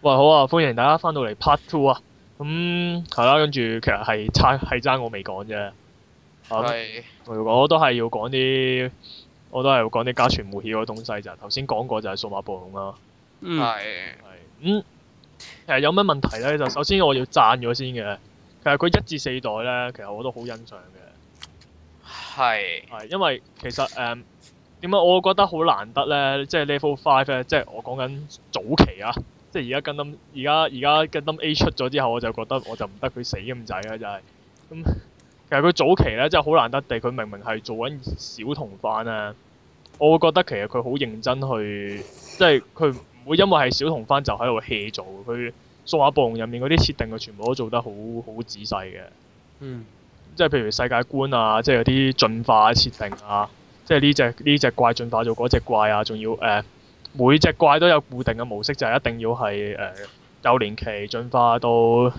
喂，好啊！歡迎大家翻到嚟 part two 啊。咁係啦，跟住、啊、其實係差係爭，差我未講啫。係、嗯。是如果我要講，都係要講啲，我都係要講啲家傳戶曉嘅東西啫、就是。頭先講過就係數碼暴龍啦、啊。係是。係。嗯。誒，有乜問題咧？就首先我要讚咗先嘅。其實佢一至四代咧，其實我都好欣賞嘅。係是。係，因為其實誒點解我覺得好難得咧？即係 level five 咧，即係我講緊早期啊。即係而家跟得，而家而家跟得 A 出咗之後，我就覺得我就唔得佢死咁滯啦，就係、是、咁、嗯。其實佢早期咧真係好難得地，佢明明係做緊小童番啊，我會覺得其實佢好認真去，即係佢唔會因為係小童番就喺度 hea 做。佢數碼暴龍入面嗰啲設定，佢全部都做得好好仔細嘅。嗯。即係譬如世界觀啊，即係嗰啲進化設定啊，即係呢隻呢隻怪進化咗嗰隻怪啊，仲要誒。呃每隻怪都有固定嘅模式，就係、是、一定要係誒幼年期進化到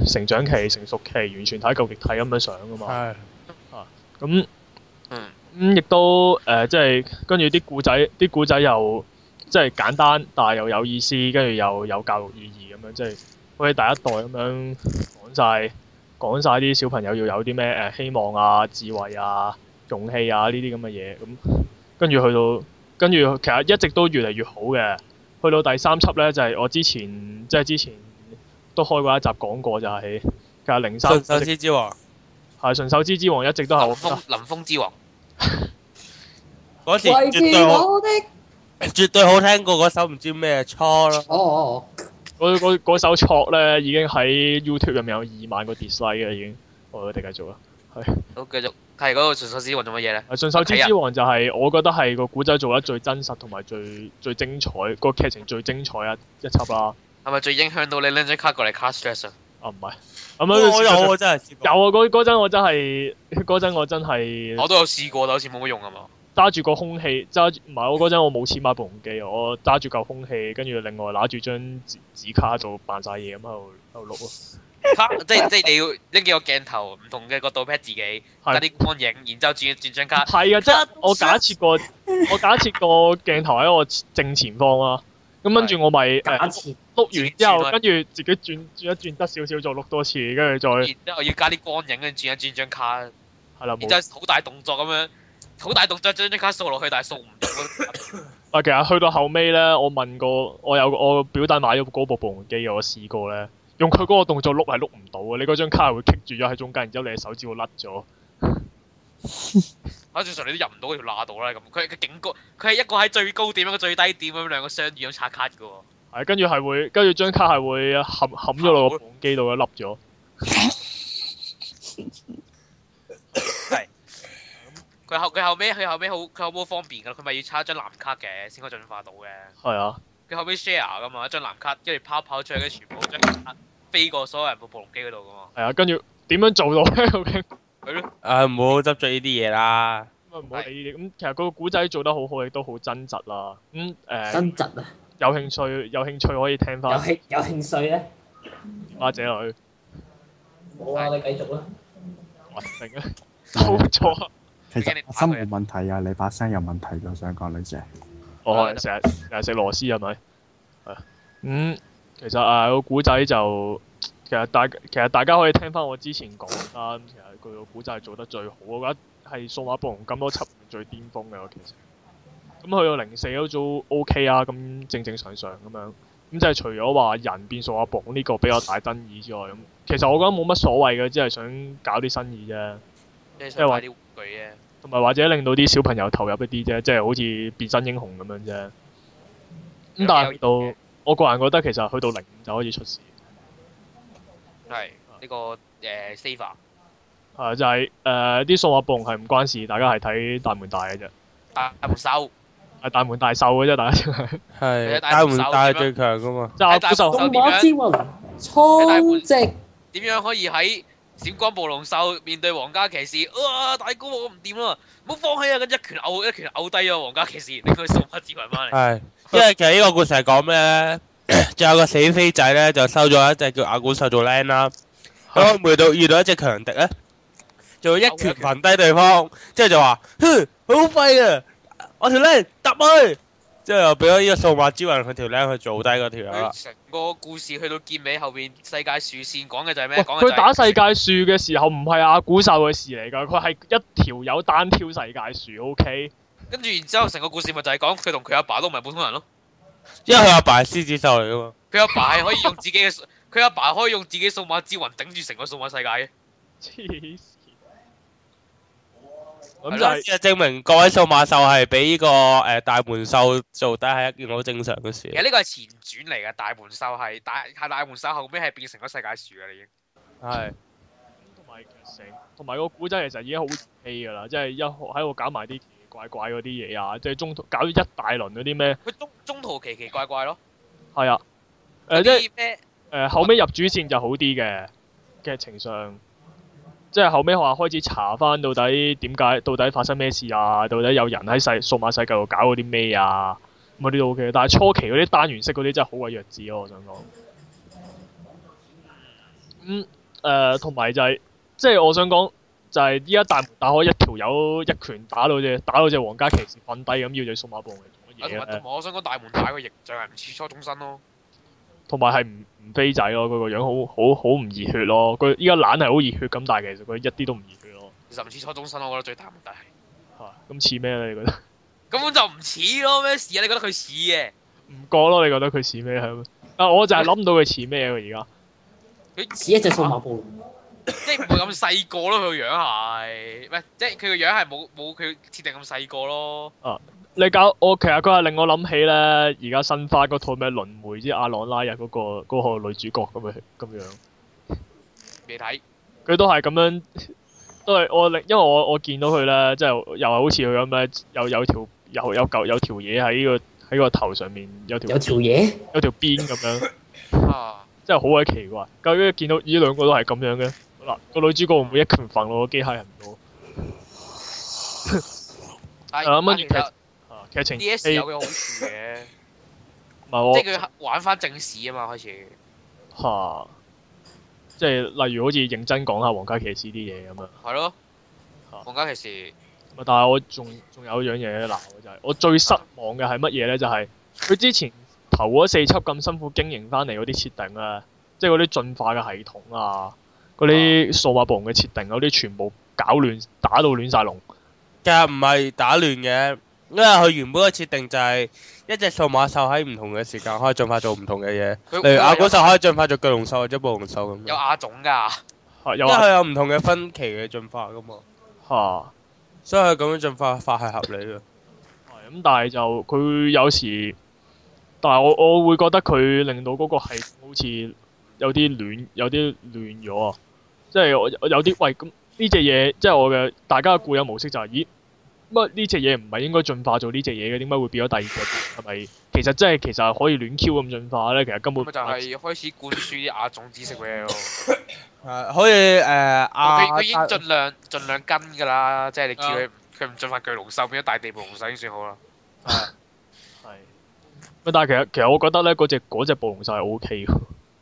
成長期、成熟期，完全睇嚿極體咁樣上噶嘛。係唉。咁、啊。咁亦、嗯、都誒，即係跟住啲古仔，啲古仔又即係、就是、簡單，但係又有意思，跟住又，又有教育意義咁樣，即係好似第一代咁樣講晒，講晒啲小朋友要有啲咩誒希望啊、智慧啊、勇氣啊呢啲咁嘅嘢，咁跟住去到。跟住其實一直都越嚟越好嘅，去到第三輯呢，就係、是、我之前即係之前都開過一集講過就係嘅零三。純手之之王係純手之之王一直都係林峰林峰之王。嗰時 絕對我好，好聽過嗰首唔知咩 cho 咯。哦哦嗰首 cho 已經喺 YouTube 入面有二萬個 dislike 嘅已經。我哋繼續啦，係。好繼續。係嗰個順手之王做乜嘢咧？順手之之王就係我覺得係個古仔做得最真實同埋最最精彩，個劇情最精彩一一輯啦。係咪最影響到你拎張卡過嚟 cast stress 啊？ 啊 哦，唔係，係咪？我有我真係有啊！嗰嗰陣我真係嗰陣我真係我都有試過，但好似冇乜用啊嘛。揸住個空氣揸住。唔係，我嗰陣我冇錢買部紅機，我揸住嚿空氣，跟住另外拿住張紙卡做扮晒嘢咁喺度錄咯。即係即係你要拎幾個鏡頭唔同嘅角度拍自己，加啲光影，然之後轉轉張卡。係啊，即係我假設個，我假設個鏡頭喺我正前方啊。咁跟住我咪碌完之後，跟住自己轉轉一轉得少少，再碌多次，跟住再。然之後要加啲光影，跟住轉一轉張卡。係啦，然之後好大動作咁樣，好大動作將張卡掃落去，但係掃唔到。啊，其實去到後尾咧，我問過，我有我表弟買咗部部無人機，我試過咧。用佢嗰個動作碌係碌唔到啊。你嗰張卡係會棘住咗喺中間，然之後你隻手指會甩咗。喺正常你都入唔到嗰條罅度啦咁。佢嘅警告，佢係一個喺最高點，一個最低點咁兩個相遇咁刷卡嘅喎。係、嗯、跟住係會，跟住張卡係會冚冚咗落個網機度一笠咗。係。佢、嗯、後佢後尾，佢後尾，好佢好冇方便嘅，佢咪要插一張藍卡嘅先可以進化到嘅。係啊。佢後尾 share 噶嘛一張藍卡，跟住跑跑出去，跟住全部張藍卡飛過所有人部暴龍機嗰度噶嘛。係啊，跟住點樣做到咧？係咯。誒，唔好執著呢啲嘢啦。咁啊，唔好理呢啲。咁其實個古仔做得好好，亦都好真實啦。嗯誒。真實啊。有興趣，有興趣可以聽翻。有興有興趣咧。阿姐女。冇啊，你繼續啦。我停啦。收咗。其實你心冇問題啊，你把聲有問題就想講女仔。我係成日成日食螺絲係咪？係、嗯。咁其實啊個古仔就其實大其實大家可以聽翻我之前講翻，其實佢個古仔係做得最好，我覺得係數碼暴龍咁多輯最巔峰嘅。其實咁、嗯、去到零四都都 OK 啊，咁正正常常咁樣。咁就係除咗話人變數碼暴龍呢個比較大爭議之外，咁、嗯、其實我覺得冇乜所謂嘅，只係想搞啲生意啫，即係賣啲玩具啫、啊。同埋或者令到啲小朋友投入一啲啫，即係好似變身英雄咁樣啫。咁、嗯、但係到我個人覺得，其實去到零就可以出事。係呢、呢個誒、uh，save 啊！係就係誒啲數碼暴龍係唔關事，大家係睇大門大嘅啫。大門秀係大門大秀嘅啫，大家知係。是 大門大係最強噶嘛？就大門秀。動畫之魂衝擊點樣可以喺？閃光暴龍獸面對皇家騎士，哇！大哥我唔掂啦，唔好放棄啊！咁一拳毆一拳毆低咗皇家騎士，拎佢數碼指紋翻嚟。係，即係其實呢個故事係講咩咧？仲有個死飛仔咧，就收咗一隻叫阿古獸做靚啦。咁佢遇到遇到一隻強敵咧，就一拳群低對方，即係就話：哼，好廢啊！我條靚揼佢。即係又俾咗呢個數碼之魂佢條命去做低嗰條啦。成個故事去到結尾後邊，世界樹線講嘅就係咩？佢喂、就係、打世界樹嘅時候唔係阿古獸嘅事嚟噶，佢係一條友單挑世界樹。OK。跟住然之後成個故事咪就係講佢同佢阿爸都唔係普通人咯。因為佢阿爸係獅子獸嚟噶嘛。佢阿爸係可以用自己嘅，佢阿 爸，爸可以用自己數碼之魂頂住成個數碼世界嘅。咁、嗯、就是、證明各位數碼獸係俾呢個誒大門獸做底係一件好正常嘅事。其實呢個係前傳嚟嘅，大門獸係大係大門獸，門秀後尾係變成咗世界樹啦已經。係是。同埋，同埋個古仔其實已經好棄噶啦，即、就、係、是、一喺度搞埋啲奇奇怪怪嗰啲嘢啊，即、就、係、是、中途搞咗一大輪嗰啲咩？佢中中途奇奇怪怪咯。係啊。誒即係。誒、呃、後尾入主線就好啲嘅劇情上。即係後尾我話開始查翻到底點解，到底發生咩事啊？到底有人喺世數碼世界度搞嗰啲咩啊？咁啊啲都 OK，但係初期嗰啲單元式嗰啲真係好鬼弱智咯，啊，我想講。咁、嗯、誒，同、呃、埋就係、是，即係我想講，就係依家大門打開一條友一拳打到隻打到隻皇家騎士瞓低咁，要就數碼暴龍、啊。同埋我想講，大門大嘅形象係唔似初中生咯。同埋係唔唔飛仔咯，佢個樣好好好唔熱血咯，佢依家懶係好熱血咁，但係其實佢一啲都唔熱血咯。甚至初中生，我覺得最大問題係嚇，咁似咩咧？你覺得根本就唔似咯咩事啊？你覺得佢似嘅？唔過咯，你覺得佢似咩係？啊，我就係諗唔到佢似咩喎。而家佢似一隻數碼暴龍，即係唔會咁細個咯。佢個樣係，喂，即係佢個樣係冇冇佢設定咁細個咯。啊！你搞我，其實佢係令我諗起咧，而家新番嗰套咩輪回，即阿朗拉日嗰、嗰個、嗰個女主角咁嘅咁樣。未睇。佢都係咁樣，都係我因為我我見到佢咧，即係又係好似佢咁咧，有有條有有舊有條嘢喺呢個喺個頭上面，有條有條嘢，有條辮咁樣。啊！真係好鬼奇怪，究竟見到呢兩個都係咁樣嘅嗱，嗰個女主角會唔會一拳粉我個機械人咯？啊 但，蚊越踢。劇情 D.S.、欸、有嘅好處嘅， 即係佢玩翻正史啊嘛，開始嚇，即係例如好似認真講下《王咯哈家騎士》啲嘢咁啊，係咯，《王家騎士》但係我仲仲有一樣嘢嗱，就係、是、我最失望嘅係乜嘢咧？就係、是、佢之前頭嗰四輯咁辛苦經營翻嚟嗰啲設定啊，即係嗰啲進化嘅系統啊，嗰啲數碼暴龍嘅設定嗰啲，全部搞亂打到亂晒龍，啊、其實唔係打亂嘅。因為佢原本嘅設定就係一隻數碼獸喺唔同嘅時間可以進化做唔同嘅嘢，例如亞古獸可以進化做巨龍獸或者暴龍獸咁樣。有亞種㗎，因為佢有唔同嘅分歧嘅進化㗎嘛。嚇，所以佢咁樣進化法係合理嘅。係咁，但係就佢有時，但係我我會覺得佢令到嗰個係好似有啲亂，有啲亂咗啊！即係我有啲喂咁呢隻嘢，即係我嘅大家固有模式就係，咦？乜呢隻嘢唔係應該進化做呢隻嘢嘅，點解會變咗第二隻？係咪其實真係其實可以亂 Q 咁進化咧？其實根本就係開始灌輸啲亞種知識畀佢。誒可以誒亞。佢佢已經盡量盡量跟㗎啦，即係你叫佢佢唔進化巨龍獸變咗大地暴龍獸，已經算好啦。係。乜但係其實其實我覺得咧，嗰隻嗰隻暴龍獸係 OK 㗎。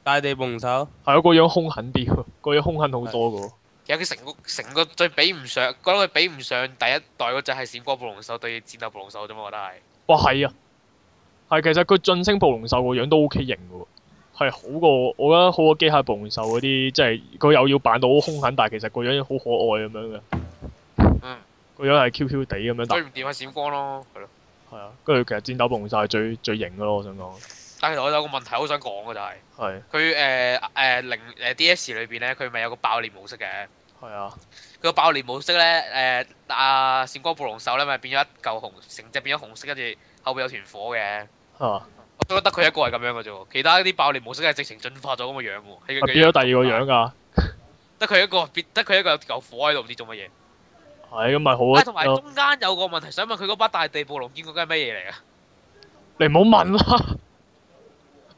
大地暴龍獸係啊，個樣兇狠啲，個樣兇狠好多㗎。有佢成個成個最比唔上，覺得佢比唔上第一代嗰隻係閃光暴龍獸對戰鬥暴龍獸啫嘛，我覺得係。哇係啊，係其實佢晉升暴龍獸個樣都 O K 型嘅喎，係好過我覺得好過機械暴龍獸嗰啲，即係佢又要扮到好兇狠，但係其實個樣好可愛咁樣嘅。嗯。個樣係 Q Q 地咁樣。追唔掂啊閃光咯，係咯。係啊，跟住其實戰鬥暴龍獸係最最型嘅咯，我想講。但其實我有個問題好想講嘅就係、是，係佢誒誒零誒 D S 裏邊咧，佢咪、呃呃呃呃呃、有個爆裂模式嘅？係啊，佢個爆裂模式咧，誒、呃，阿、啊、閃光暴龍獸咧咪變咗一嚿紅，成隻變咗紅色，跟住後邊有團火嘅。啊、我覺得得佢一個係咁樣嘅啫，其他啲爆裂模式係直情進化咗咁嘅樣嘅。變咗第二個樣噶、啊，得佢一個得佢一個有嚿火喺度，唔知做乜嘢。係咁咪好啊。同埋中間有個問題，想問佢嗰把大地暴龍見過係咩嘢嚟？啊，你唔好問啦，嗯、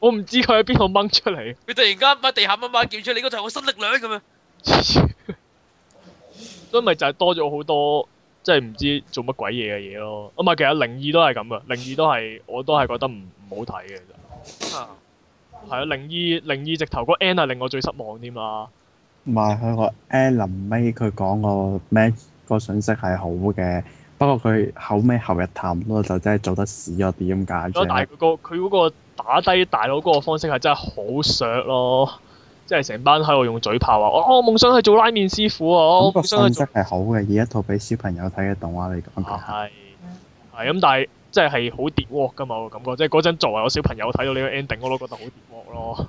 我唔知佢喺邊度掹出嚟。佢突然間喺地下掹掹叫出嚟嗰頭，我新力量咁啊！ 所咪就係多咗好多，即係唔知做乜鬼嘢嘅嘢咯。咁啊，其實靈異都係咁噶，靈異都係我都係覺得唔唔好睇嘅啫。係啊，靈異靈異直頭個 N 係令我最失望添啦。唔係佢個 N 臨尾佢講個咩個信息係好嘅，不過佢後尾後日談嗰就真係做得屎咗啲咁解啫。有但係佢嗰個打低大佬嗰個方式係真係好削咯。即係成班喺度用嘴炮話我，我夢想去做拉麵師傅啊！我夢想係好嘅，以一套俾小朋友睇嘅動畫嚟講嘅。係係咁，但係即係係好跌鑊㗎嘛我感覺。即係嗰陣作為我小朋友睇到呢個 ending，我都覺得好跌鑊咯。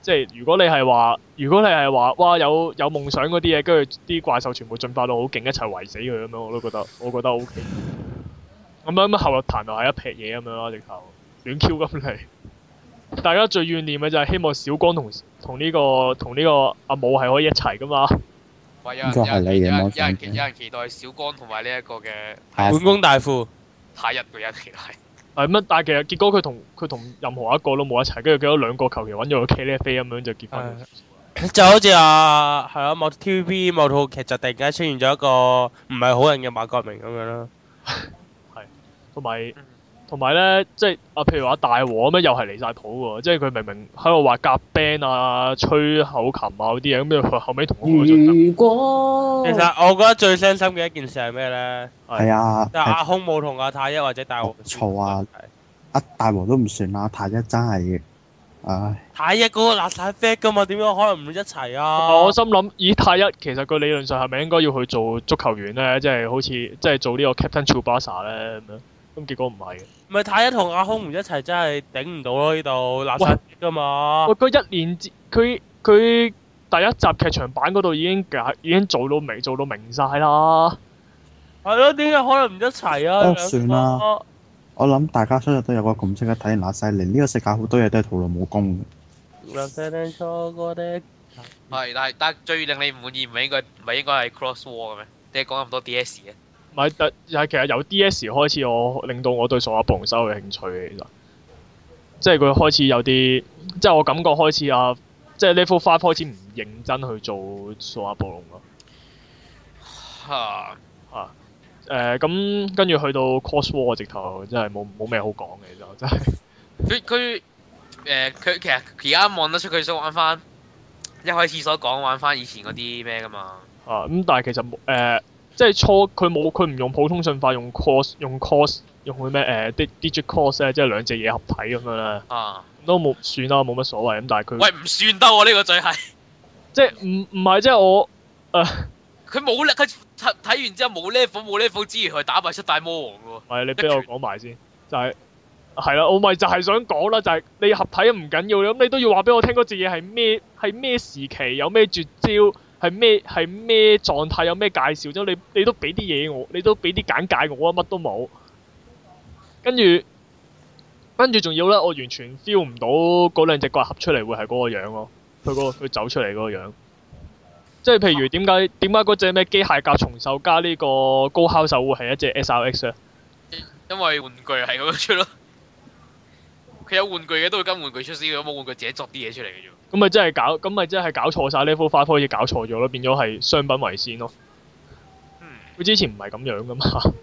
即係如果你係話，如果你係話，哇有有夢想嗰啲嘢，跟住啲怪獸全部進化到好勁，一齊圍死佢咁樣，我都覺得我覺得 OK。咁樣後日談又係一劈嘢咁樣咯，直頭亂 Q 咁嚟。大家最怨念嘅就係希望小光同同呢個同呢個阿武係可以一齊㗎嘛，應係你嘅，有人期有人期待小光同埋呢一個嘅本宮大富，太一佢一齊，係乜、哎？但係其實結果佢同佢同任何一個都冇一齊，跟住結果兩個求其揾咗個茄喱啡咁樣就結婚，哎，就好似啊係啊！某 TVB 某套劇就突然間出現咗一個唔係好人嘅馬國明咁樣啦，係 有，同埋、嗯。同埋咧，即係啊，譬如話大和咁又係離晒譜喎，即係佢明明喺度話夾 band 啊、吹口琴啊嗰啲嘢，咁樣後尾同我講。如果其實我覺得最傷心嘅一件事係咩咧？係啊。即阿、啊、空冇同阿太一或者大和嘈啊。阿、啊啊、大和都唔算啦，太一真係。唉。太一嗰個垃圾 fit 㗎嘛，點樣可能唔會一齊啊？我心諗，以太一其實個理論上係咪應該要去做足球員咧？即、就、係、是、好似即係做個呢個 Captain Tsubasa 咧咁樣。咁結果唔係嘅，唔係太一同阿空唔一齊真係頂唔到咯，呢度垃圾噶嘛！喂，佢一年。佢佢第一集劇場版嗰度已經已經做到明，做到明曬啦。係咯，點解可能唔一齊啊？算啦，我諗大家今日都有個共識，一睇垃圾零呢個世界好多嘢都係徒勞無功嘅。垃圾零錯過啲係，但係但係最令你唔滿意唔係應該唔係應該係 Cross War 嘅咩？點解講咁多 DS 嘅？咪特又其實由 D.S 開始我，我令到我對數碼暴龍收嘅興趣嘅，其實，即係佢開始有啲，即係我感覺開始啊，即係 Level 5開始唔認真去做數碼暴龍咯。吓、啊，嚇、啊，誒、呃、咁跟住去到 Cross Wars 直頭，真係冇冇咩好講嘅，其實真係。佢佢誒佢其實而家望得出佢想玩翻，一開始所講玩翻以前嗰啲咩㗎嘛。啊，咁，但係其實冇、呃即係初佢冇，佢唔用普通信法用 cos 用 cos 用佢咩誒，digital cos 咧，即係兩隻嘢合體咁樣啦。啊、呃，都冇算啦，冇乜所謂咁。但係佢喂，唔算得喎，呢個最係即係唔唔係即係我誒佢冇咧，佢睇完之後冇呢副冇呢副之源去打敗七大魔王喎。唔係你俾我講埋先，全就係係啦，我咪就係想講啦，就係、係、你合體唔緊要咁，你，你都要話俾我聽嗰隻嘢係咩係咩時期有咩絕招。係咩？係咩狀態？有咩介紹？咁你你都俾啲嘢我，你都俾啲簡介我啊！乜都冇，跟住，跟住仲要咧，我完全 feel 唔到嗰兩隻怪合出嚟會係嗰個樣咯。佢、嗰個佢走出嚟嗰個樣，即係譬如點解點解嗰隻咩機械甲蟲獸加呢個高烤手會係一隻 S R X 咧？因為玩具係咁樣出咯，佢有玩具嘅都會跟玩具出先，冇玩具自己作啲嘢出嚟嘅啫。咁咪真係搞，咁咪真係搞錯晒呢幅花，開始搞錯咗咯，變咗係商品為先咯。佢、嗯、之前唔係咁樣噶嘛。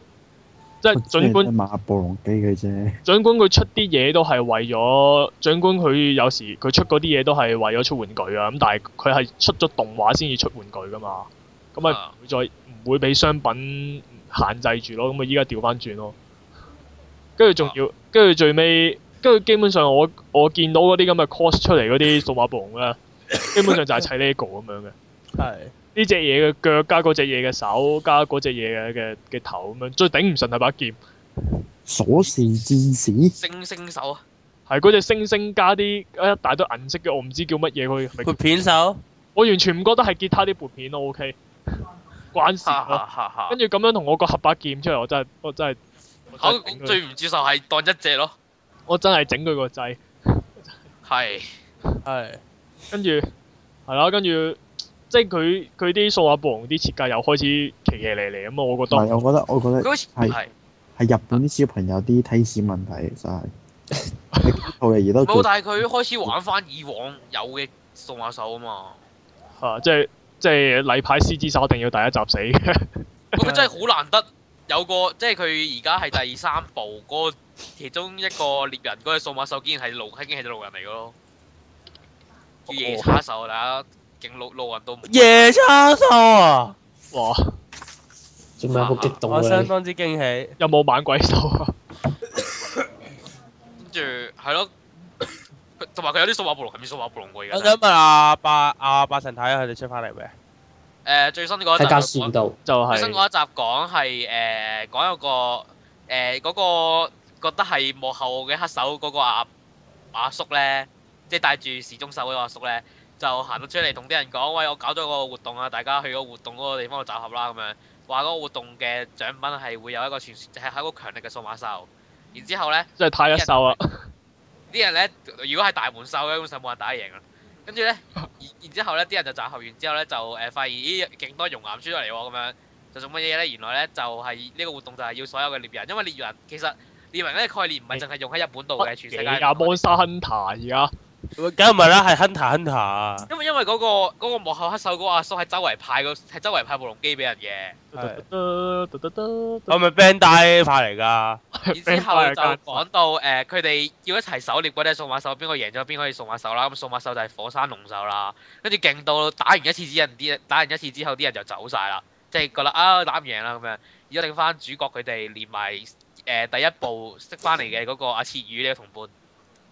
即係儘管，即係買暴龍機嘅啫。儘管佢出啲嘢都係為咗，儘管，佢有時佢出嗰啲嘢都係為咗出玩具啊，咁但係佢係出咗動畫先至出玩具噶嘛。啊。咁咪，再唔會俾商品限制住咯，咁咪依家調翻轉咯。跟住仲要，跟住最尾。跟住基本上我，我我見到嗰啲咁嘅 cos 出嚟嗰啲數碼暴龍咧，基本上就係砌呢 e g 咁樣嘅。係呢隻嘢嘅腳加嗰隻嘢嘅手加嗰隻嘢嘅嘅嘅頭咁樣，最頂唔順係把劍。鎖士戰士？星星手啊！係嗰隻星星加啲一大堆銀色嘅，我唔知叫乜嘢佢。撥片手？我完全唔覺得係吉他啲撥片咯。O K。關事哈哈哈，跟住咁樣同我個合把劍出嚟，我真係我真係好最唔接受係當一隻咯。我真係整佢個掣，係 係是，跟住係啦，跟住即係佢佢啲數碼暴龍啲設計又開始奇奇離離咁啊！我覺得係，我覺得我覺得係係係日本啲小朋友啲梯士問題真係，我哋而家冇，但係佢開始玩翻以往有嘅數碼手啊嘛，係、啊、即係即係例牌獅子手一定要第一集死，佢 真係好難得有個即係佢而家係第三部嗰、那。個其中一個獵人嗰隻數碼獸竟然係路，竟然係隻路人嚟噶咯，夜叉獸啊，大家勁路路人都，夜叉獸啊，哇，做咩咁激動嘅？我相當之驚喜。有冇猛鬼獸啊？跟住係咯，同埋佢有啲數碼暴龍，係咪數碼暴龍嘅。我想問阿八阿八神睇下佢哋出翻嚟未？誒，最新嗰集，喺教書度，就係。最新嗰一集講係誒講有一個誒嗰個。覺得係幕後嘅黑手嗰個阿阿叔呢，即係帶住時鐘獸嗰個阿叔呢，就行到出嚟同啲人講：喂，我搞咗個活動啊，大家去活個個活動嗰個地方度集合啦咁樣。話嗰個活動嘅獎品係會有一個傳，係一個強力嘅數碼獸。然之後呢，即係太一獸啊！啲人呢，如果係大門獸嘅根本冇人打得贏啦。跟住呢， 呢，然之後呢，啲人就集合完之後呢，就誒、呃、發現咦勁多熔岩出咗嚟喎咁樣。就做乜嘢呢？原來呢，就係、是、呢個活動就係要所有嘅獵人，因為獵人其實。其實獵人呢個概念唔係淨係用喺日本度嘅，全世界。阿 Monster Hunter 而家，梗係唔係啦，係 Hunter Hunter。因為因為嗰個嗰、嗰個幕後黑手嗰個阿叔喺周圍派個，喺周圍派暴龍機俾人嘅。係咪是 Bandai 派嚟噶？之 後就講到誒，佢、呃、哋要一齊狩獵嗰啲數碼獸，邊個贏咗邊可以送埋手啦。咁數碼獸就係火山龍獸啦，跟住勁到打完一次之人啲人，打完一次之後啲人就走晒啦，即、就、係、是、覺得啊打唔贏啦咁樣，而家剩翻主角佢哋連埋。誒第一部識翻嚟嘅嗰個阿切羽呢個同伴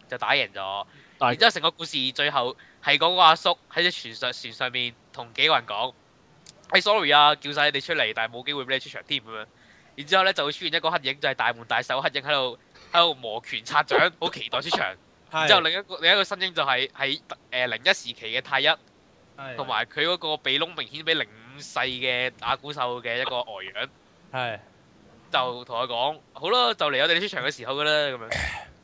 就打贏咗，對然之後成個故事最後係嗰個阿叔喺隻船，船上船上面同幾個人講：誒、hey，sorry 啊，叫晒你哋出嚟，但係冇機會俾你出場添咁樣。然之後咧就會出現一個黑影，就係、是、大門大手黑影喺度喺度磨拳擦掌，好 期待出場。之後另一個另一個新英就係喺誒零一時期嘅太一，同埋佢嗰個鼻窿明顯比零五世嘅阿古獸嘅一個外樣。係對。就同佢講，好咯，就嚟我哋出場嘅時候噶啦，咁樣。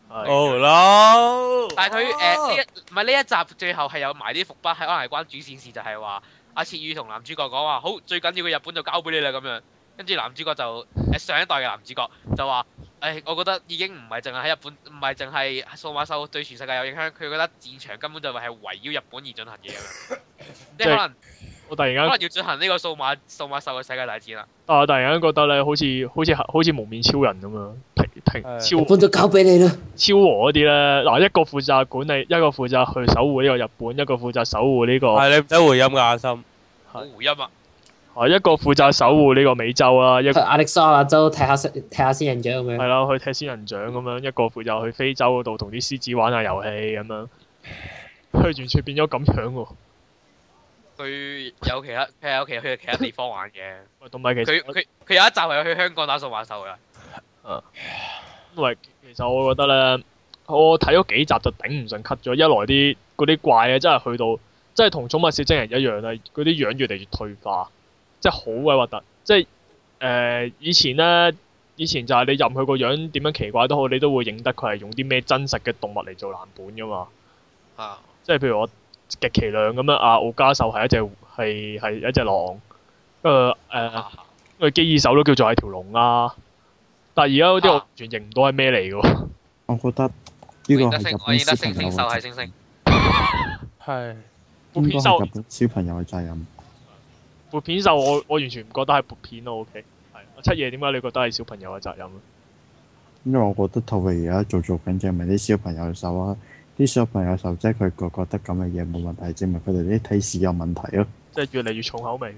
好咯。Oh, no ! oh! 但係佢誒呢一唔係呢一集最後係有埋啲伏筆，係可能係關主線事就，就係話阿切羽同男主角講話，好，最緊要嘅日本就交俾你啦，咁樣。跟住男主角就、呃、上一代嘅男主角就話，誒、欸、我覺得已經唔係淨係喺日本，唔係淨係數碼獸對全世界有影響，佢覺得戰場根本就係圍繞日本而進行嘅咁樣。 你可能……我突然間可能要進行呢個數碼數碼獸嘅世界大戰啦。但我、啊、突然間覺得咧，好似好似好似蒙面超人咁樣，平平超。我就交俾你啦。超和嗰啲咧，嗱、啊、一個負責管理，一個負責去守護呢個日本，一個負責守護呢、這個。係你唔使回音噶阿心。啊、回音啊！啊一個負責守護呢個美洲啦，一個亞利桑那州踢下仙踢下仙人掌咁樣。係啦，去踢仙人掌咁樣，一個負責去非洲嗰度同啲獅子玩下遊戲咁樣。佢完全變咗咁樣喎。 佢有其他，佢有其去其他地方玩嘅。佢佢佢有一集係去香港打掃玩獸嘅。嗯、啊。唔係，其實我覺得咧，我睇咗幾集就頂唔順 cut 咗。一來啲啲怪啊，真係去到，真係同《寵物小精靈》一樣啦。嗰啲樣越嚟越退化，真係好鬼核突。即係誒、呃，以前咧，以前就係你任佢個樣點樣奇怪都好，你都會認得佢係用啲咩真實嘅動物嚟做藍本噶嘛。啊。即係譬如我。極其量咁樣，阿、啊、奧加獸係一隻係係一隻狼，跟住誒，啊、基爾手都叫做係條龍啦、啊。但係而家嗰啲我完全認唔到係咩嚟嘅喎。我覺得呢個日本小朋友。係。撥 片獸小朋友嘅責任。撥片獸我我完全唔覺得係撥片咯，OK。係。七爺點解你覺得係小朋友嘅責任啊？因為我覺得套戲而家做做緊嘅咪啲小朋友嘅手啊。啲小朋友受即係佢個覺得咁嘅嘢冇問題，證明佢哋啲睇視有問題咯、啊。即係越嚟越重口味。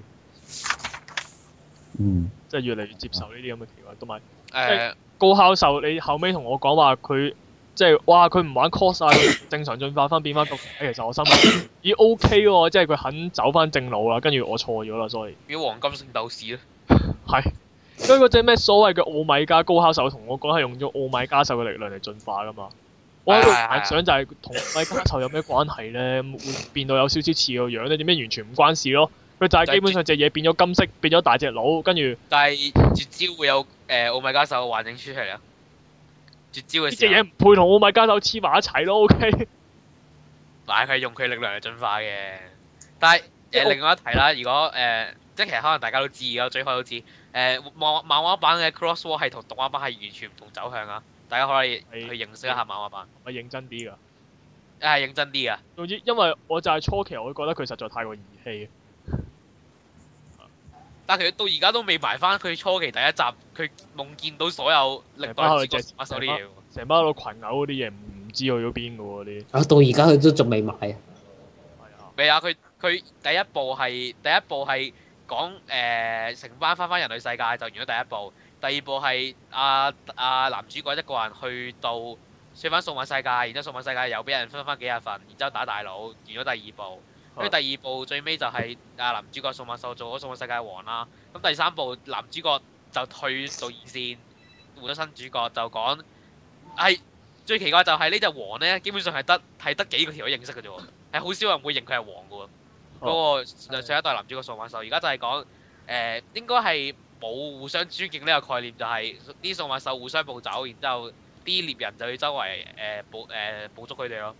嗯。即係越嚟越接受呢啲咁嘅調味，同埋誒高考受，你後尾同我講話佢即係哇，佢唔玩 cos 晒、嗯，正常進化翻變翻僕。其實我心咦、嗯欸、OK 喎、哦，即係佢肯走翻正路啦。跟住我錯咗啦，所以叫黃金聖鬥士咯。係， 所以嗰隻咩所謂嘅奧米加高考受同我講係用咗奧米加受嘅力量嚟進化噶嘛。我喺度想就係同奧米加獸有咩關係咧？會變到有少少似個樣咧？點解完全唔關事咯？佢就係基本上隻嘢變咗金色，變咗大隻佬。跟住但係絕招會有誒奧米加獸幻境，出嚟啊！絕招嘅呢隻嘢唔配同奧米加獸黐埋一齊咯。但、okay? 係、啊、用佢力量嚟進化嘅。但係誒、呃 oh、另外一題啦，如果誒、呃、即係其實可能大家都知啦，追開都知誒、呃、漫漫畫版嘅 Cross War 係同動畫版係完全唔同走向啊。大家可以去認識一下《麻麻棒》。我認真啲㗎，一係認真啲㗎。總之，因為我就係初期，我覺得佢實在太過兒戲。但係到而家都未埋返佢初期第一集，佢夢見到所有歷代主角所有啲嘢，成班攞群牛嗰啲嘢唔知去咗邊個喎啲。啊！到而家佢都仲未埋。係啊。未啊！佢佢第一部係第一部係講誒成班返返人類世界就完咗第一部。第二部係阿阿男主角一個人去到，去翻數碼世界，然之後數碼世界又俾人分翻幾廿份，然之後打大佬，完咗第二部。跟住 第二部最尾就係阿、啊、男主角數碼獸做咗數碼世界王啦、啊。咁第三部男主角就退到二線，換咗新主角就講，係、哎、最奇怪就係呢隻王呢，基本上係得係得幾個條友認識嘅啫，係好少人會認佢係王㗎喎。嗰 個上一代男主角數碼獸，而家就係講，誒、呃、應該係。冇互相尊敬呢個概念、就係，就係啲數碼獸互相捕走，然之後啲獵人就去周圍誒捕誒捕捉佢哋咯。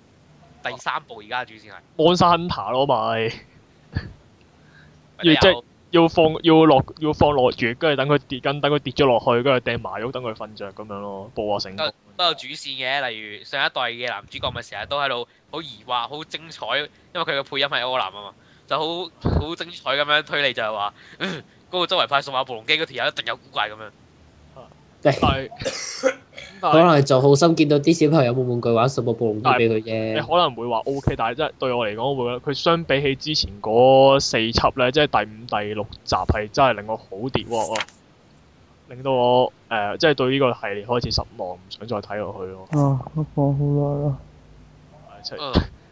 第三步，而家主線係、啊、安山爬咯，咪？要即係要放要落要放落住，跟住等佢跌緊等佢跌咗落去，跟住掟埋咗，等佢瞓着咁樣咯。成《博亞城》都有主線嘅，例如上一代嘅男主角咪成日都喺度好疑惑、好精彩，因為佢嘅配音係柯南啊嘛，就好好精彩咁樣推理就係話。 嗰個周圍派數碼暴龍機嗰條友一定有古怪咁樣，係 可能就好心見到啲小朋友冇玩具玩，送部數碼暴龍機俾佢嘅。」你可能會話 OK，但係真係對我嚟講會啦。佢相比起之前嗰四集咧，即係第五、第六集係真係令我好跌喎，令到我誒即係對呢個系列開始失望，唔想再睇落去咯。啊、好耐啦，阿、啊、七，阿、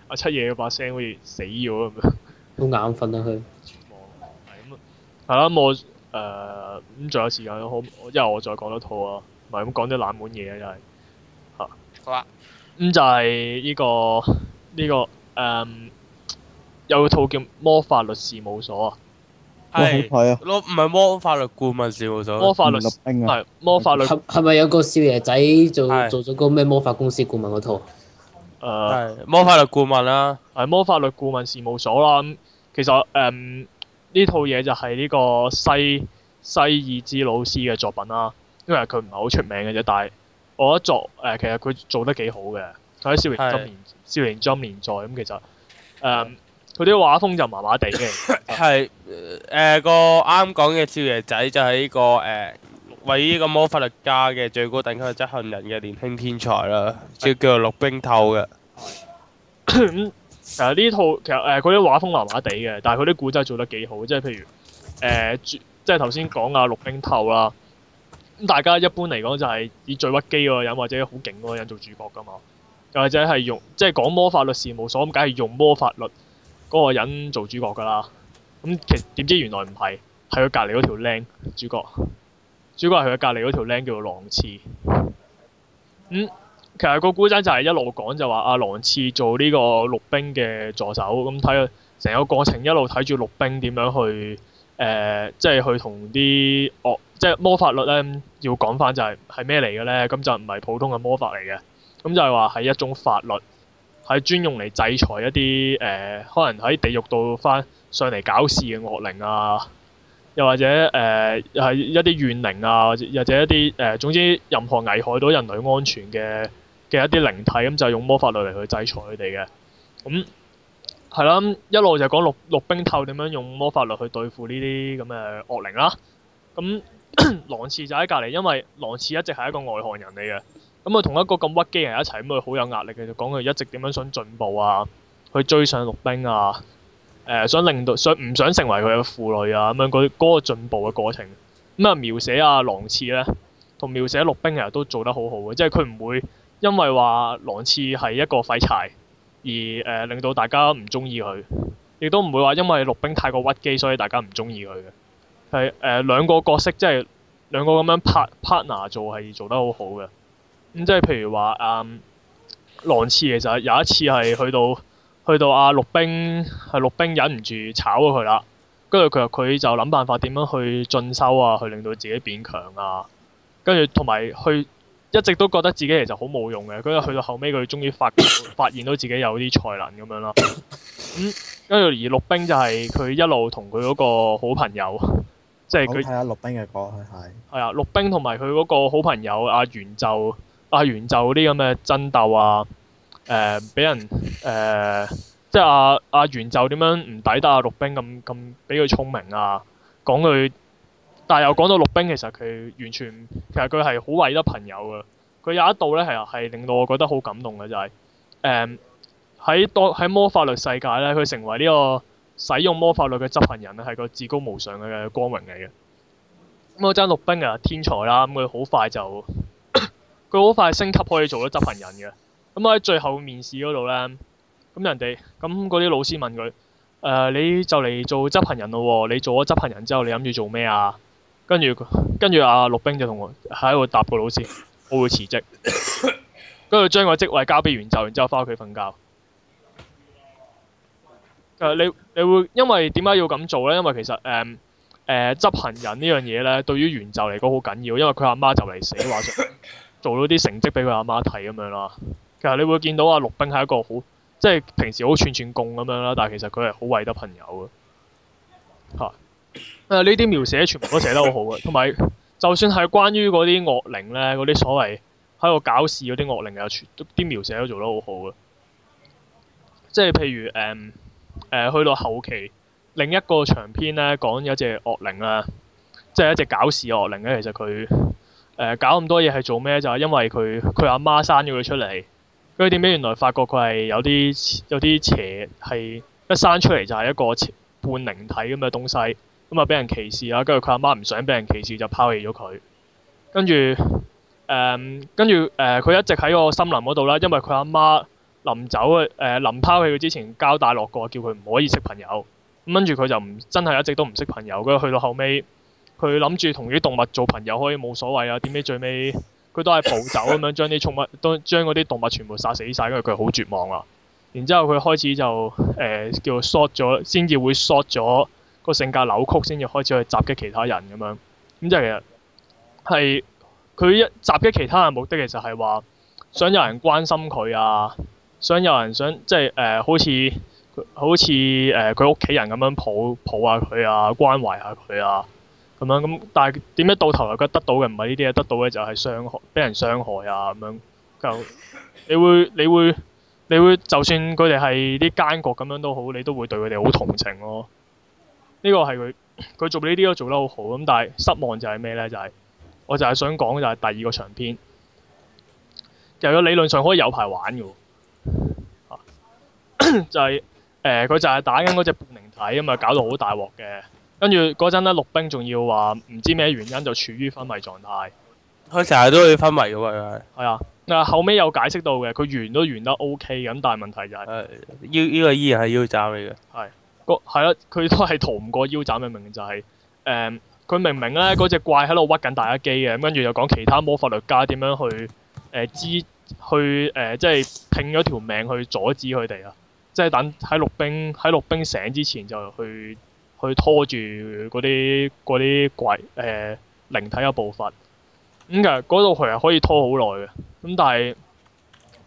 啊、七爺把聲好似死咗咁樣，好眼瞓啊佢。係啦，冇、嗯，我咁仲、呃、有時間，好，一係我再講多套啊，唔係咁講啲冷門嘢啊，真係嚇。好、就、啊、是這個，咁就係呢個呢個誒，有套叫《魔法律事務所》啊，係係啊，攞唔係魔法律顧問事務所，魔法律唔係魔法律，係咪、啊、有個少爺仔做做咗個咩魔法公司顧問嗰套？誒、嗯，魔法律顧問啦、啊，係魔法律顧問事務所啦。咁、嗯、其實誒。嗯呢套嘢就係呢個西西爾茲老師嘅作品啦，因為佢唔係好出名嘅啫，但係我覺得作誒、呃、其實佢做得幾好嘅，佢喺《少年金少年》連載，咁其實誒佢啲畫風就麻麻地嘅。係誒、 啊呃、個啱講嘅少爺仔就係呢、呢個誒位呢個魔法律家嘅最高等級嘅執行人嘅年輕天才啦，叫是叫做綠冰透嘅。是 誒呢套其實誒嗰啲畫風麻麻地嘅，但係佢啲故仔做得幾好，即係譬如誒、呃，即係頭先講啊，綠冰透啦。咁大家一般嚟講就係以最屈機嗰個人或者好勁嗰個人做主角㗎嘛，又或者係用即係講魔法律事務所咁，梗係用魔法律嗰個人做主角㗎啦。咁其實點知原來唔係，係佢隔離嗰條靚主角。主角係佢隔離嗰條靚叫做狼刺。嗯。其實個古仔就係一路講就話阿郎次做呢個陸兵嘅助手，咁睇，成個過程一路睇住陸兵點樣去誒、呃就是，即係去同啲惡即係魔法律咧要講翻就係係咩嚟嘅咧？咁就唔係普通嘅魔法嚟嘅，咁就係話係一種法律，係專用嚟制裁一啲誒、呃，可能喺地獄度翻上嚟搞事嘅惡靈啊，又或者誒係、呃、一啲怨靈啊，或者，或者一啲誒、呃，總之任何危害到人類安全嘅。嘅一啲靈體，咁就用魔法律嚟去制裁佢哋嘅，咁係啦。一路就講陸陸冰透點樣用魔法律去對付呢啲咁嘅惡靈啦、啊。咁狼刺就喺隔離，因為狼刺一直係一個外行人嚟嘅。咁佢同一個咁屈機人一齊，咁佢好有壓力嘅。就講佢一直點樣想進步啊，去追上陸冰啊。誒、呃，想令到想唔想成為佢嘅父女啊？咁樣佢嗰個進步嘅過程咁啊、嗯，描寫阿狼刺咧，同描寫陸冰其實都做得好好嘅，即係佢唔會。因為話狼刺係一個廢柴，而誒、呃、令到大家唔中意佢，亦都唔會話因為陸兵太過屈機，所以大家唔中意佢嘅。係、呃、誒兩個角色，即係兩個咁樣拍 part, partner 做係做得好好嘅。咁、嗯、即係譬如話，嗯，狼刺其實有一次係去到去到阿、啊、陸兵係、啊、陸兵忍唔住炒咗佢啦。跟住佢佢就諗辦法點樣去進修啊，去令到自己變強啊。跟住同埋去。一直都覺得自己其實好冇用嘅，跟住去到後尾，佢終於發 發現到自己有啲才能咁樣咯。咁跟住而陸冰就係佢一路同佢嗰個好朋友，即係佢。係啊，陸冰嘅歌係。係啊，陸冰同埋佢嗰個好朋友阿元就、阿元就嗰啲咁嘅爭鬥啊，誒俾、啊啊呃、人誒、呃，即係阿阿袁就點樣唔抵得阿、啊、陸冰咁咁俾佢聰明啊，講佢，但又講到陸兵，其實佢完全其實佢係好為得朋友㗎。佢有一度呢，係令到我覺得好感動嘅就係喺多喺魔法律世界呢，佢成為呢個使用魔法律嘅執行人咧，係個至高無上嘅光榮嚟嘅。咁阿張陸兵啊，天才啦！咁佢好快就佢好 快升級可以做咗執行人嘅。咁、嗯、喺最後面試嗰度呢，咁、嗯、人哋咁嗰啲老師問佢、呃、你就嚟做執行人咯喎、哦？你做咗執行人之後，你諗住做咩啊？跟住，跟住阿陸冰就同我喺度答個老師，我會辭職，跟住將個職位交俾原就，然之後翻屋企瞓覺。誒、啊，你你會因為點解要咁做呢？因為其實誒誒執行人呢樣嘢呢，對於原就嚟講好緊要，因為佢阿媽就嚟死，話想做到啲成績俾佢阿媽睇咁樣啦。其實你會見到阿陸冰係一個好，即係平時好串串貢咁樣啦，但係其實佢係好為得朋友嘅，嚇、啊。呢啲、啊、描寫全部都寫得好好嘅，同埋就算係關於嗰啲惡靈呢，嗰啲所謂喺度搞事嗰啲惡靈啊，又全部啲描寫都做得好好嘅。即係譬如、嗯呃、去到後期另一個長篇呢講有一隻惡靈啦，即係一隻搞事惡靈呢。其實佢、呃、搞咁多嘢係做咩？就係、是、因為佢佢阿媽生咗佢出嚟。跟住點解原來發覺佢係有啲有啲邪係一生出嚟就係一個半靈體咁嘅東西。咁啊，俾人歧視啦，跟住佢阿媽唔想俾人歧視，就拋棄咗佢。跟住，誒、嗯，跟住，誒、呃，佢一直喺個森林嗰度啦，因為佢阿媽臨走啊，誒、呃，臨拋棄佢之前交帶落過，叫佢唔可以識朋友。咁跟住佢就唔真係一直都唔識朋友，跟住去到後尾，佢諗住同啲動物做朋友，可以冇所謂啊！點知最尾，佢都係暴走咁樣，將啲動物都將啲動物全部殺死晒。跟住佢好絕望啦。然之後佢開始就誒、呃、叫 short 咗，先至會 short 咗。個性格扭曲先至開始去襲擊其他人咁樣，咁即係其實係佢一襲擊其他人的目的其實係話想有人關心佢啊，想有人想即係誒、呃、好似、呃、好似誒佢屋企人咁樣抱抱下佢啊，關懷下佢啊咁樣咁，但係點解到頭來佢得到嘅唔係呢啲啊？得到嘅就係傷害，俾人傷害啊咁樣，就你會你會你會，你會就算佢哋係啲奸角咁樣都好，你都會對佢哋好同情咯。呢個係佢，佢做呢啲都做得好好咁，但係失望就係咩呢？就係、是、我就係想講就係第二個長篇，就其實理論上可以有排玩嘅喎、啊， 就係、是、佢、呃、就係打緊嗰隻半靈體，咁啊搞到好大鑊嘅，跟住嗰陣咧陸兵仲要話唔知咩原因就處於昏迷狀態，佢成日都會昏迷嘅喎，係，啊，嗱後尾有解釋到嘅，佢完都完得 OK 咁，但係問題就係、是，呢依依個依然係要罩你嘅，係。個係啦，佢都係逃唔過腰斬嘅命，就係誒佢明明咧嗰隻怪喺度屈緊大家機嘅，跟住又講其他魔法律家點樣去誒支、呃、去誒，即、呃、係、就是、拼咗條命去阻止佢哋啊！即係等喺陸兵，喺陸兵醒之前就去去拖住嗰啲嗰啲怪誒靈、呃、體嘅步伐，咁其實嗰度佢係可以拖好耐嘅咁，但係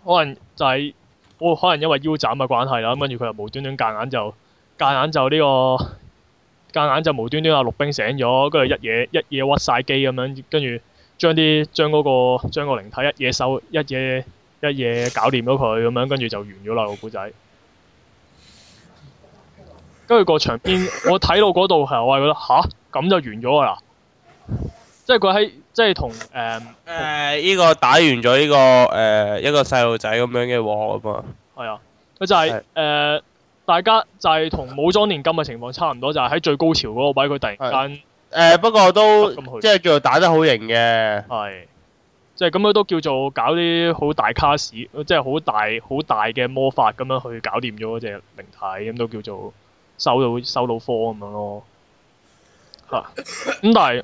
可能就係、是、我、哦、可能因為腰斬嘅關係啦，跟住佢又無端端夾硬就。夾硬就呢、這個，夾硬就無端端啊，陸兵醒咗，跟住一嘢一嘢屈晒機咁樣，跟住將啲將嗰、嗰個將個靈體一嘢收一嘢一嘢搞掂咗佢咁樣，跟住就完咗啦、這個故仔。跟住個場邊， 我睇到嗰度係我係覺得吓，咁就完咗啦。即係佢喺即係同誒誒呢個打完咗呢、這個誒、呃、一個細路仔咁樣嘅話啊嘛。係啊，佢就係、是、誒。是呃大家就係同武裝年金嘅情況差唔多，就係、是、喺最高潮嗰個位，佢突然間誒、呃，不過都即係叫做打得好型嘅，係即係咁樣都叫做搞啲好大卡士，即係好大好大嘅魔法咁樣去搞掂咗嗰隻靈體，咁都叫做收到收到科咁樣咯嚇。咁、啊、但係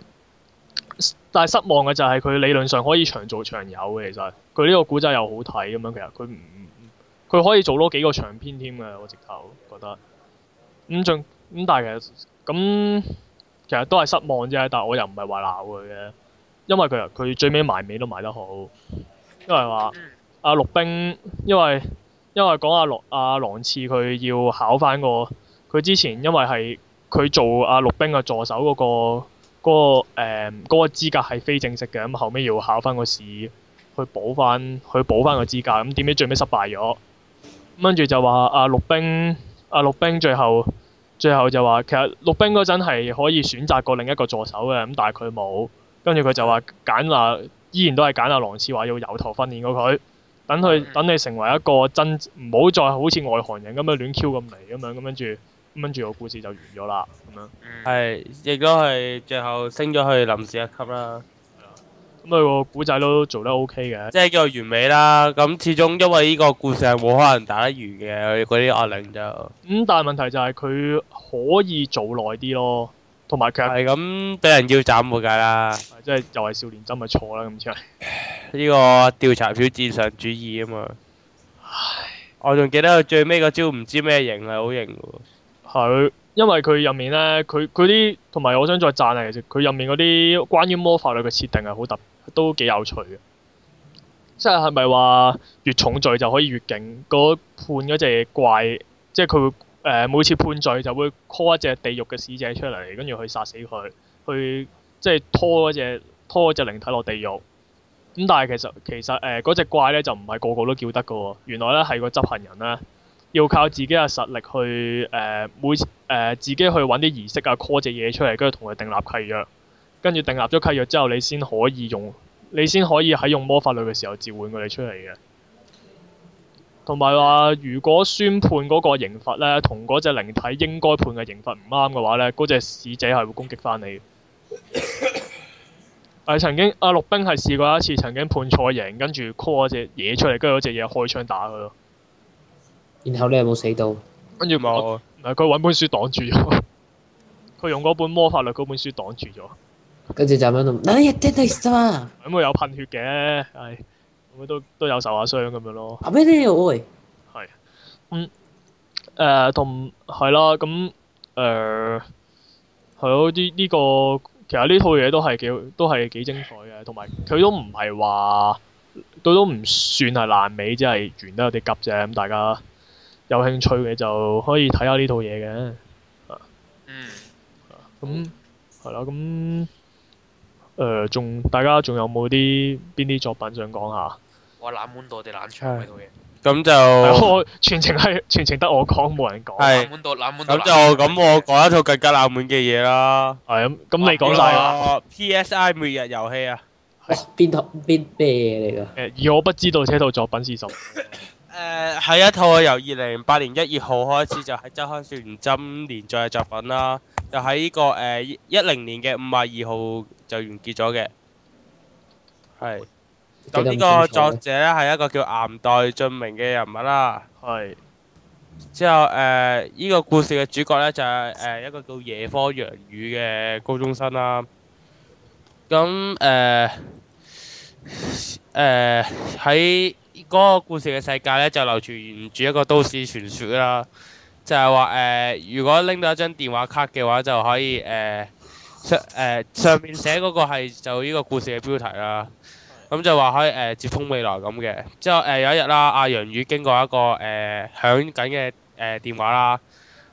但係失望嘅就係佢理論上可以長做長有嘅，其實佢呢個古仔又好睇咁樣，其實佢唔。佢可以做多幾個長篇添嘅，我直頭覺得。咁仲咁，但係其實咁、嗯，其實都係失望啫。但我又唔係話鬧佢嘅，因為佢佢最尾埋尾都埋得好。因為話阿、啊、陸冰，因為因為講阿陸阿狼次，佢要考翻個，佢之前因為係佢做阿、啊、陸冰嘅助手嗰、嗰個嗰、嗰個誒、嗯嗰個、資格係非正式嘅，咁、嗯、後尾要考翻個試，去補翻去補翻個資格，咁點知最尾失敗咗。跟住就話阿陸冰，阿陸冰最後最後就話其實陸冰嗰陣係可以選擇過另一個助手嘅，咁但係佢冇。跟住佢就話揀啦，依然都係揀阿郎少華要由頭訓練過佢，等佢、嗯、等你成為一個真唔好、嗯、再好似外行人咁樣亂 Q 咁嚟咁樣咁跟住，跟住個故事就完咗啦咁樣。係、嗯，亦都係最後升咗去臨時一級啦。咁個古仔都做得 OK 嘅，即係叫完美啦。咁始終因為呢個故事係冇可能打得完嘅，佢啲壓力就咁、嗯。但係問題就係佢可以做耐啲咯，同埋佢係咁俾人腰斬冇計啦。即係又係少年真係錯啦咁樣。呢 個調查表至上主義啊嘛。唉，我仲記得佢最尾個招唔知咩型係好型喎。佢因為佢入面呢，佢佢啲同埋，我想再讚啊，其實佢入面嗰啲關於魔法類嘅設定係好特別。都幾有趣嘅，即係係咪話越重罪就可以越勁？嗰判嗰隻怪，即係佢會誒每次判罪就會 call 一隻地獄嘅使者出嚟，跟住去殺死佢，去即係拖嗰隻拖隻靈體落地獄。咁但係其實其實誒嗰隻怪咧就唔係個個都叫得㗎喎，原來咧係個執行人啦，要靠自己嘅實力去誒每次誒自己去揾啲儀式啊 call 隻嘢出嚟，跟住同佢訂立契約。跟住訂立咗契約之後，你先可以用，你先可以喺用魔法律嘅時候召喚佢哋出嚟嘅。同埋話，如果宣判嗰個刑罰呢，同嗰隻靈體應該判嘅刑罰唔啱嘅話呢，嗰隻使者係會攻擊翻你。 曾經阿陸冰係試過一次，曾經判錯刑，跟住 call 一隻嘢出嚟，跟住嗰隻嘢開槍打佢咯。然後你有冇死到？跟住冇，唔係佢揾 本書擋住咗。佢 用嗰本魔法律嗰本書擋住咗。跟住就咁樣，嗱你又聽得識咋嘛？咁我有噴血嘅，唉，咁都都有受下傷咁樣咯。阿邊啲係咁誒，同係啦，咁誒係咯。啲呢個其實呢套嘢都係幾都係幾精彩嘅，同埋佢都唔係話，佢都唔算係爛尾，即係完得有啲急啫。咁大家有興趣嘅就可以睇下呢套嘢嘅。嗯，啊，咁係啦，咁。誒，仲、呃、大家仲有冇啲邊啲作品想講下？我冷門到我哋冷出嚟咁就、哎、全程係全程得我講，冇人講。冷咁就咁，我講一套更加冷門嘅嘢啦。係咁、啊，你講晒啦。啊、PSI 每日遊戲啊，邊套邊咩嘢嚟㗎？而我不知道這套作品是什誒，係一套由二零零八年一月號開始就喺《周刊少年 Jump》連載嘅作品啦。就喺呢、這個誒一零年嘅五廿二號就完結咗嘅，係是。咁呢個作者咧係 一個叫岩代俊明嘅人物啦。係。之後誒呢、uh, 個故事嘅主角咧就係、是、誒、uh, 一個叫夜科揚羽嘅高中生啦。咁誒誒喺嗰個故事嘅世界咧就流傳住一個都市傳說啦。就係話誒，如果拎到一張電話卡嘅話，就可以誒、呃、上誒、呃、上邊寫嗰個係就呢個故事嘅標題啦。咁就話可以誒、呃、接通未來咁嘅。之後誒、呃、有一日啦，阿、啊、楊宇經過一個誒響緊嘅誒電話啦，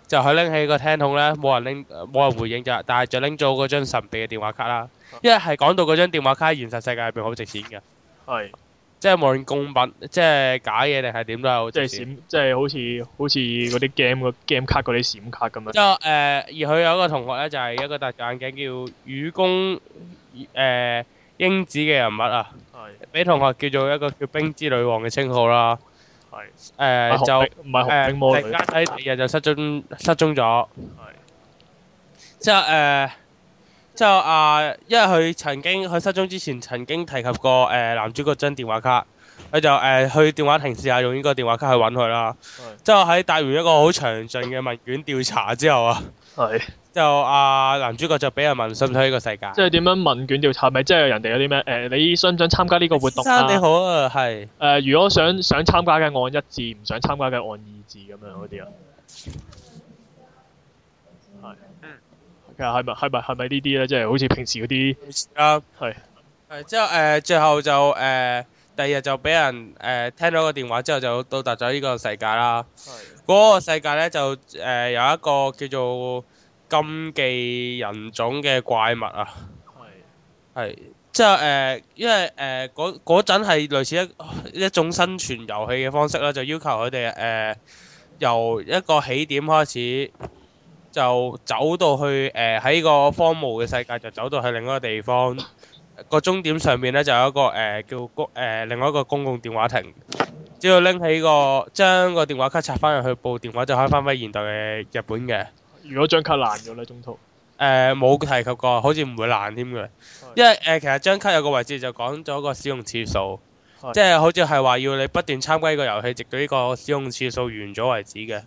就佢拎起個聽筒咧，冇人拎冇人回應就，但係就拎咗嗰張神秘嘅電話卡啦。啊、因為係講到嗰張電話卡喺現實世界入邊好值錢㗎。係、啊。即係無論貢品，即係假嘢，定係點都有。即係閃，即係好似好似嗰啲 game 個 game 卡嗰啲閃卡咁樣。即係誒，而佢有一個同學咧，就係一個戴眼鏡叫雨宮誒英子嘅人物啊。係。俾同學叫做一個叫冰之女王嘅稱號啦。係。誒就誒，第二日就失蹤失蹤咗。係。即係誒。即係啊，因為佢曾經佢失蹤之前曾經提及過誒、呃，男主角張電話卡，佢就誒、呃、去電話亭試下用呢個電話卡去揾佢啦。即係喺帶完一個好詳盡嘅問卷調查之後啊，是就啊、呃，男主角就俾人問信唔信呢個世界？即係點樣問卷調查？係咪即係人哋有啲咩？誒、呃，你想唔想參加呢個活動啊？你好啊，係誒、呃，如果想想參加嘅按一字，唔想參加嘅按二字咁樣嗰啲啊。係咪係咪係咪呢啲咧？即係好似平時嗰啲啊，係誒，之後誒，最後就誒，第二日就俾人誒聽到個電話之後，就到達咗呢個世界啦。嗰個世界咧，就誒有一個叫做禁忌人種嘅怪物啊。係係之後誒，因為誒嗰嗰陣係類似一一種生存遊戲嘅方式啦，就要求佢哋誒由一個起點開始。就走到去誒，喺、呃、個荒蕪嘅世界，就走到去另一個地方個終、呃、點上面呢，就有一個誒、呃、叫公誒、呃、另外一個公共電話亭，只要拎起個將個電話卡插翻入去部電話就可以翻返現代嘅日本嘅。如果張卡爛咗咧，中途誒冇、呃、提及過，好似唔會爛添嘅，因為誒、呃，其實張卡有個位置就講咗個使用次數，即係的好似係話要你不斷參加呢個遊戲，直到呢個使用次數完咗為止嘅。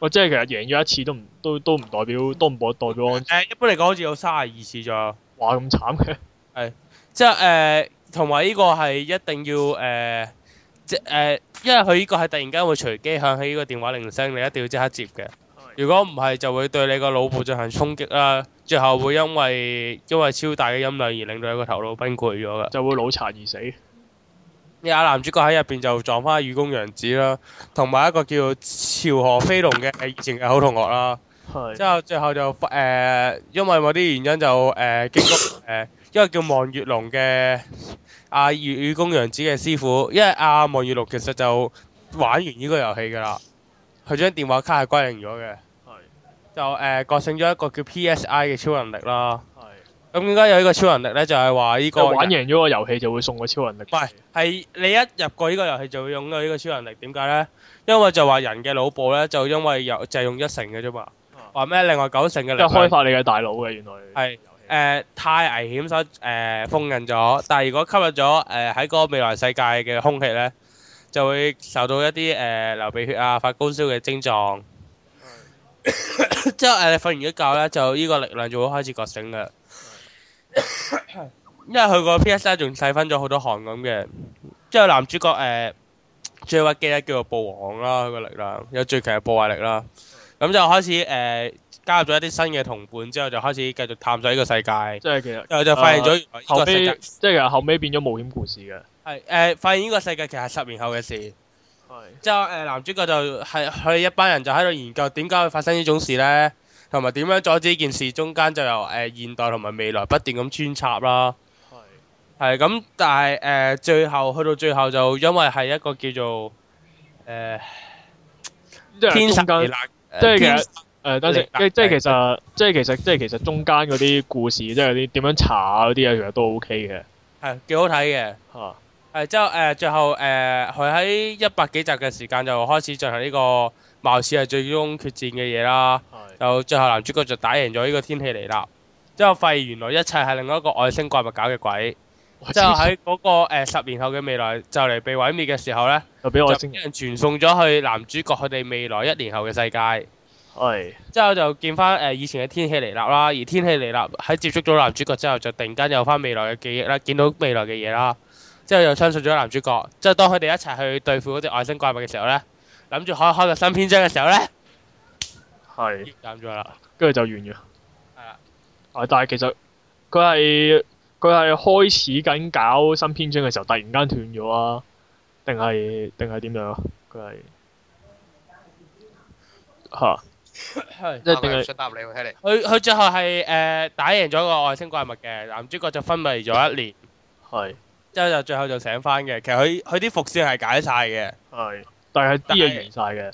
我即係其實贏咗一次都唔都都唔代表都唔代表安、啊。一般嚟講好似有卅二次咋。哇，咁慘嘅。係，即係誒同埋呢個係一定要誒、呃、即係、呃、因為佢呢個係突然間會隨機響起呢個電話鈴聲，你一定要即刻接嘅。如果唔係就會對你個腦部進行衝擊啦，最後會因為因為超大嘅音量而令到你個頭腦崩潰咗嘅，就會腦殘而死。你阿男主角喺入邊就撞翻雨宮羊子啦，同埋一個叫朝河飛龍嘅，係以前嘅好同學啦。係的。之後最後就誒、呃，因為某啲原因就誒，經過誒， 因為叫望月龍嘅阿雨雨宮羊子嘅師傅，因為阿、啊、望月龍其實就玩完呢個遊戲噶啦，佢張電話卡係歸零咗嘅。係的。就誒、呃，覺醒咗一個叫 PSI 嘅超能力啦。咁點解有呢個超能力咧？就係話呢個玩贏咗個遊戲就會送個超能力。唔係，係你一入過呢個遊戲就會用到呢個超能力。點解咧？因為就話人嘅腦部咧就因為有就係用一成嘅啫嘛。話咩？另外九成嘅力。即係開發你嘅大腦嘅原來。係誒，太危險，所以誒封印咗。但係如果吸入咗誒喺個未來世界嘅空氣咧，就會受到一啲誒流鼻血啊、發高燒嘅症狀。之後誒，瞓完一覺咧，就呢個力量就會開始覺醒嘅。 因為佢個 P.S.I 仲細分咗好多行咁嘅，之後男主角誒、呃，最屈機咧叫做暴王啦，佢個力量有最強嘅破壞力啦，咁就開始誒、呃、加入咗一啲新嘅同伴之後，就開始繼續探索呢個世界。即係其實，就發現咗、啊、後尾，即、就、係、是、後尾變咗冒險故事嘅。係誒、呃，發現呢個世界其實係十年後嘅事。係是。之後誒、呃，男主角就係、是、佢一班人就喺度研究點解會發生呢種事呢？同埋點樣阻止呢件事？中間就由誒、呃、現代同埋未來不斷咁穿插啦。係係咁，但係誒、呃、最後去到最後就因為係一個叫做誒、呃啊、天殺，即係其實誒當時即係其實即係其實即係其，其，其實中間嗰啲故事，即係啲點樣查嗰啲嘢，其實都 OK 嘅。係幾好睇嘅。嚇係之後誒最後誒佢喺一百幾集嘅時間就開始進行呢、呢個。貌似係最終決戰嘅嘢啦，的就最後男主角就打贏咗呢個天氣嚟啦。之後發現原來一切係另外一個外星怪物搞嘅鬼，喂之後就喺嗰個誒、呃、十年後嘅未來就嚟被毀滅嘅時候呢，就俾外星人傳送咗去男主角佢哋未來一年後嘅世界。係的，之後就見翻誒、呃、以前嘅天氣嚟啦，而天氣嚟啦喺接觸咗男主角之後，就突然間有翻未來嘅記憶啦，見到未來嘅嘢啦。之後又相信咗男主角。之後當佢哋一齊去對付嗰隻外星怪物嘅時候呢。諗住開開個新篇章嘅時候咧，係斬咗啦，跟住就完咗。係啊，啊！但係其實佢係佢係開始緊搞新篇章嘅時候，突然間斷咗啊？定係定係點樣？佢係吓，即係點？我想答你，我睇嚟。佢佢最後係誒打贏咗個外星怪物嘅男主角，就昏迷咗一年。係，之後就最後就醒翻嘅。其實佢佢啲伏線係解曬嘅。係。但係啲嘢完曬嘅，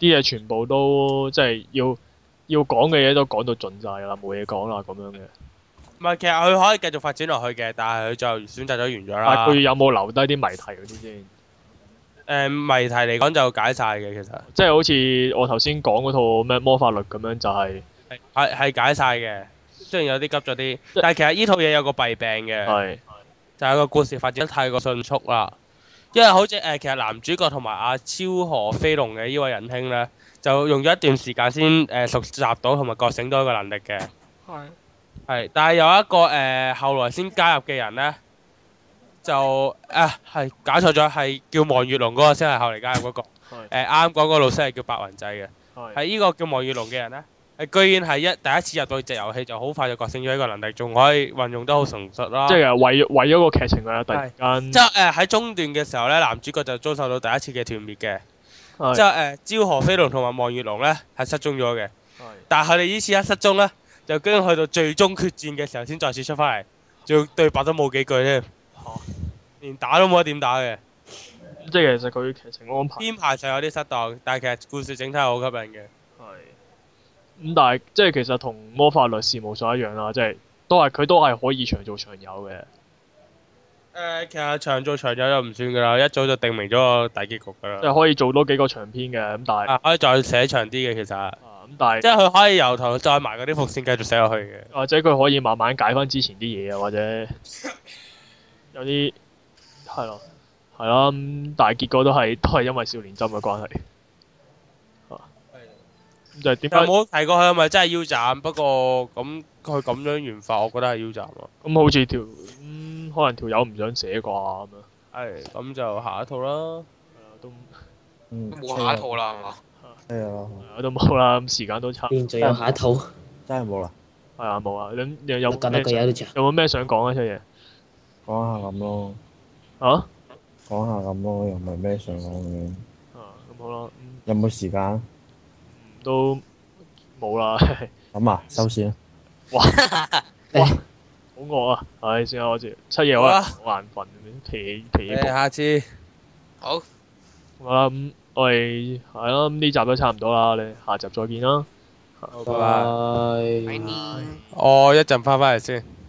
啲嘢全部都即係要要講嘅嘢都講到盡曬啦，冇嘢講啦咁樣嘅。唔係，其實佢可以繼續發展落去嘅，但係佢就選擇咗完咗啦。佢有冇留低啲謎題嗰啲先？誒謎題嚟講就解曬嘅，其實。即係好似我頭先講嗰套咩魔法律咁樣，就係係係解曬嘅。雖然有啲急咗啲，但係其實呢套嘢有個弊病嘅，就係個故事發展得太過迅速啦。因為好似誒、呃，其實男主角同埋阿超、河飛龍嘅呢位仁兄呢，就用咗一段時間先誒熟習到同埋覺醒到一個能力嘅。係是。係，但係有一個誒、呃、後來先加入嘅人呢，就誒係、呃、搞錯咗，係叫黃月龍嗰個先係後嚟加入嗰、那個。係是。啱啱講嗰個老師係叫白雲仔嘅。係是。呢、這個叫黃月龍嘅人呢。呃、居然係一、第一次入到隻遊戲就好快就覺醒咗呢個能力，仲可以運用得好成熟啦。即係為咗個劇情啦，突然間。即誒喺中段嘅時候咧，男主角就遭受到第一次嘅團滅嘅。即係誒，朝、呃、河飛龍同埋望月龍呢，係失蹤咗嘅。是但係佢哋呢次一失蹤呢，就驚去到最終決戰嘅時候先再次出翻嚟，仲對白都冇幾句咧。連打都冇得點打嘅。嗯嗯、即係其實佢劇情安排編排就有啲失當，但係其實故事整體係好吸引嘅。咁、嗯、但係即係其實同魔法律事務所一樣啦，即係都係佢都係可以長做長有嘅。誒、呃，其實長做長有又唔算噶啦，一早就定明咗個大結局噶啦。即係可以做多幾個長篇嘅，咁但係、啊。可以再寫長啲嘅其實。咁、啊、但係。即係佢可以由頭再埋嗰啲伏線，繼續寫落去嘅。或者佢可以慢慢解翻之前啲嘢啊，或者有啲係咯，係咯，咁但係、嗯、結果都係都係因為少年針嘅關係。就冇提過佢係咪真係腰斬？不過咁佢咁樣玩法，我覺得係腰斬咯。咁好似條可能條友唔想寫啩咁啊。係，咁就下一套啦。都冇下一套啦，係啊，我都冇啦。咁時間都差，邊仲有下一套？真係冇啦。係啊，冇啊。你有有冇咩？有冇咩想講啊？出嘢講下咁咯。啊？講下咁咯，又唔係咩想講嘅。啊，咁好咯。有冇時間？都冇啦 、啊，咁啊收線啦。哇哇，好餓啊！唉，先我住七夜好啦、啊。好眼瞓，皮皮。你、欸、下次好。好啦、嗯，咁我哋係啦，咁呢、嗯、集都差唔多啦，我哋下集再見啦。拜拜。拜拜哦，一陣翻返嚟先。